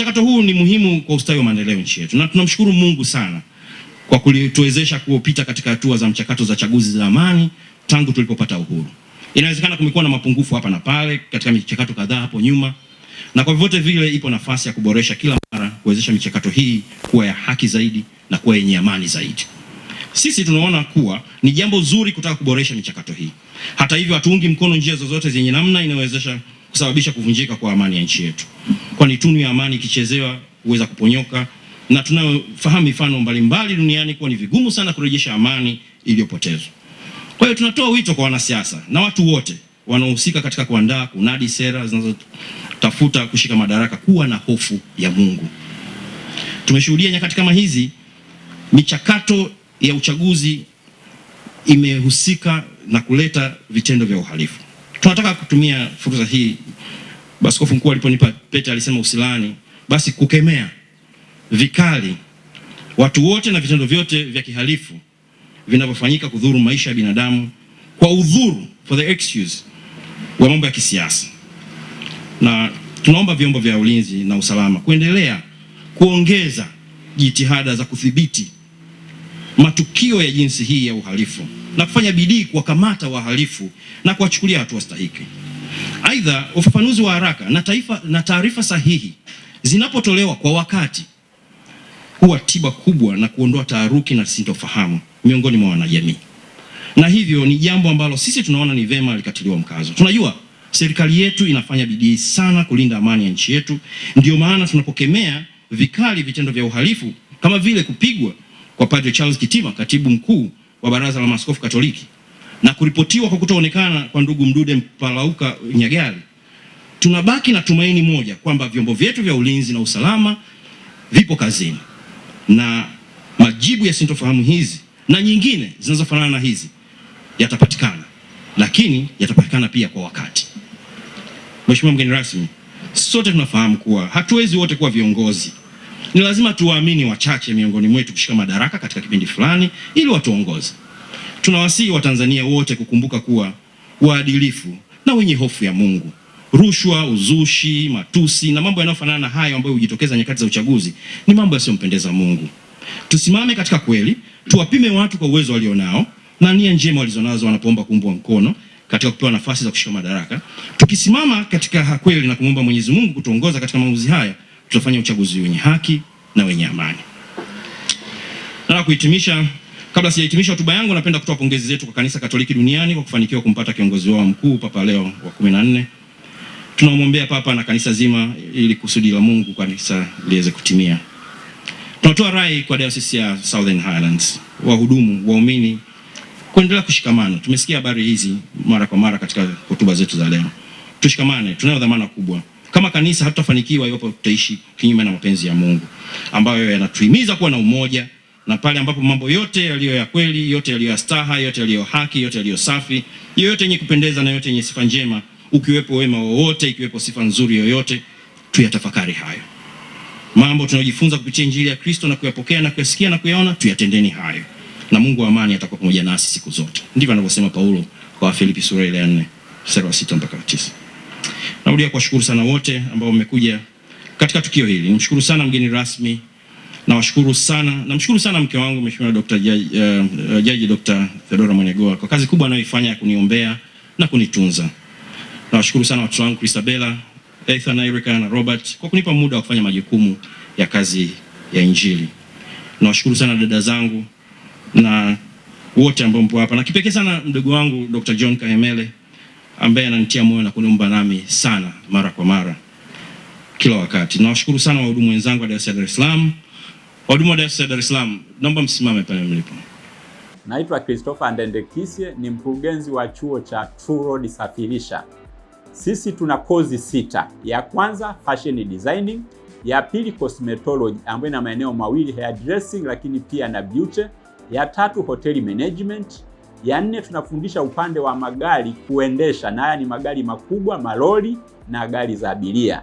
Mchakato huu ni muhimu kwa ustawi wa maendeleo nchi yetu, na tunamshukuru Mungu sana kwa kulituwezesha kuopita katika hatua za mchakato za chaguzi za amani tangu tulipopata uhuru. Inawezekana kumekuwa na mapungufu hapa na pale katika michakato kadhaa hapo nyuma, na kwa vyovyote vile ipo nafasi ya kuboresha kila mara kuwezesha michakato hii kuwa ya haki zaidi na kuwa yenye amani zaidi. Sisi tunaona kuwa ni jambo zuri kutaka kuboresha michakato hii. Hata hivyo, hatuungi mkono njia zozote zenye namna inawezesha kusababisha kuvunjika kwa amani ya nchi yetu kwani tunu ya amani ikichezewa huweza kuponyoka, na tunafahamu mifano mbalimbali duniani kuwa ni vigumu sana kurejesha amani iliyopotezwa. Kwa hiyo tunatoa wito kwa wanasiasa na watu wote wanaohusika katika kuandaa, kunadi sera zinazotafuta kushika madaraka kuwa na hofu ya Mungu. Tumeshuhudia nyakati kama hizi michakato ya uchaguzi imehusika na kuleta vitendo vya uhalifu. Tunataka kutumia fursa hii Baskofu mkuu aliponipa pete alisema usilani, basi kukemea vikali watu wote na vitendo vyote vya kihalifu vinavyofanyika kudhuru maisha ya binadamu kwa udhuru, for the excuse wa mambo ya kisiasa, na tunaomba vyombo vya ulinzi na usalama kuendelea kuongeza jitihada za kudhibiti matukio ya jinsi hii ya uhalifu na kufanya bidii kuwakamata wahalifu na kuwachukulia hatua stahiki. Aidha, ufafanuzi wa haraka na taifa na taarifa sahihi zinapotolewa kwa wakati huwa tiba kubwa na kuondoa taharuki na sintofahamu miongoni mwa wanajamii, na hivyo ni jambo ambalo sisi tunaona ni vema likatiliwa mkazo. Tunajua serikali yetu inafanya bidii sana kulinda amani ya nchi yetu, ndio maana tunapokemea vikali vitendo vya uhalifu kama vile kupigwa kwa Padre Charles Kitima, katibu mkuu wa Baraza la Maaskofu Katoliki na kuripotiwa kwa kutoonekana kwa ndugu Mdude Mpalauka Nyagali, tunabaki na tumaini moja kwamba vyombo vyetu vya ulinzi na usalama vipo kazini na majibu ya sintofahamu hizi na nyingine zinazofanana na hizi yatapatikana, lakini yatapatikana pia kwa wakati. Mheshimiwa mgeni rasmi, sote tunafahamu kuwa hatuwezi wote kuwa viongozi. Ni lazima tuwaamini wachache miongoni mwetu kushika madaraka katika kipindi fulani ili watuongoze. Tunawasihi Watanzania wote kukumbuka kuwa waadilifu na wenye hofu ya Mungu. Rushwa, uzushi, matusi na mambo yanayofanana na hayo ambayo hujitokeza nyakati za uchaguzi ni mambo yasiyompendeza Mungu. Tusimame katika kweli, tuwapime watu kwa uwezo walionao na nia njema walizonazo wanapoomba kuumbwa mkono katika kupewa nafasi za kushika madaraka. Tukisimama katika kweli na kumwomba Mwenyezi Mungu kutuongoza katika maamuzi haya, tutafanya uchaguzi wenye haki na wenye amani. Na kuhitimisha Kabla sijahitimisha hotuba yangu, napenda kutoa pongezi zetu kwa kanisa Katoliki duniani kwa kufanikiwa kumpata kiongozi wao mkuu Papa Leo wa 14. Tunamwombea Papa na kanisa zima ili kusudi la Mungu kanisa liweze kutimia. Tunatoa rai kwa Diocese ya Southern Highlands, wahudumu, waumini kuendelea kushikamana. Tumesikia habari hizi mara kwa mara katika hotuba zetu za leo. Tushikamane, tunayo dhamana kubwa kama kanisa. Hatutafanikiwa iwapo tutaishi kinyume na mapenzi ya Mungu ambayo yanatuhimiza kuwa na umoja na pale ambapo mambo yote yaliyo ya kweli, yote yaliyo ya staha, yote yaliyo haki, yote yaliyo safi, yoyote yenye kupendeza na yote yenye sifa njema, ukiwepo wema wowote, ikiwepo sifa nzuri yoyote, tuyatafakari hayo mambo tunayojifunza kupitia Injili ya Kristo na kuyapokea na kuyasikia na kuyaona, tuyatendeni hayo, na Mungu wa amani atakuwa pamoja nasi siku zote. Ndivyo anavyosema Paulo kwa Wafilipi sura ile ya 4 mstari wa 6 mpaka 9. Narudia kuwashukuru sana wote ambao mmekuja katika tukio hili. Nimshukuru sana mgeni rasmi Nawashukuru sana, namshukuru sana mke wangu Mheshimiwa Dr. Eh, eh, Jaji, uh, Dr. Theodora Mwenyegoa kwa kazi kubwa anayoifanya ya kuniombea na kunitunza. Nawashukuru sana watoto wangu Christabella, Ethan, Erica na Robert kwa kunipa muda wa kufanya majukumu ya kazi ya Injili. Nawashukuru sana dada zangu na wote ambao mpo hapa na kipekee sana mdogo wangu Dr. John Kahemele ambaye ananitia moyo na kuniomba nami sana mara kwa mara kila wakati. Nawashukuru sana wahudumu wenzangu wa Dayosisi ya Dar es Salaam Wahudumu wa dayosisi ya Dar es Salaam, naomba msimame pale mlipo. Naitwa Christopher Ndendekisye, ni mkurugenzi wa chuo cha True Road Safirisha. Sisi tuna kozi sita. Ya kwanza fashion designing, ya pili cosmetology ambayo ina maeneo mawili hair dressing, lakini pia na beauty. Ya tatu hotel management. Ya nne tunafundisha upande wa magari kuendesha, na haya ni magari makubwa, malori na gari za abiria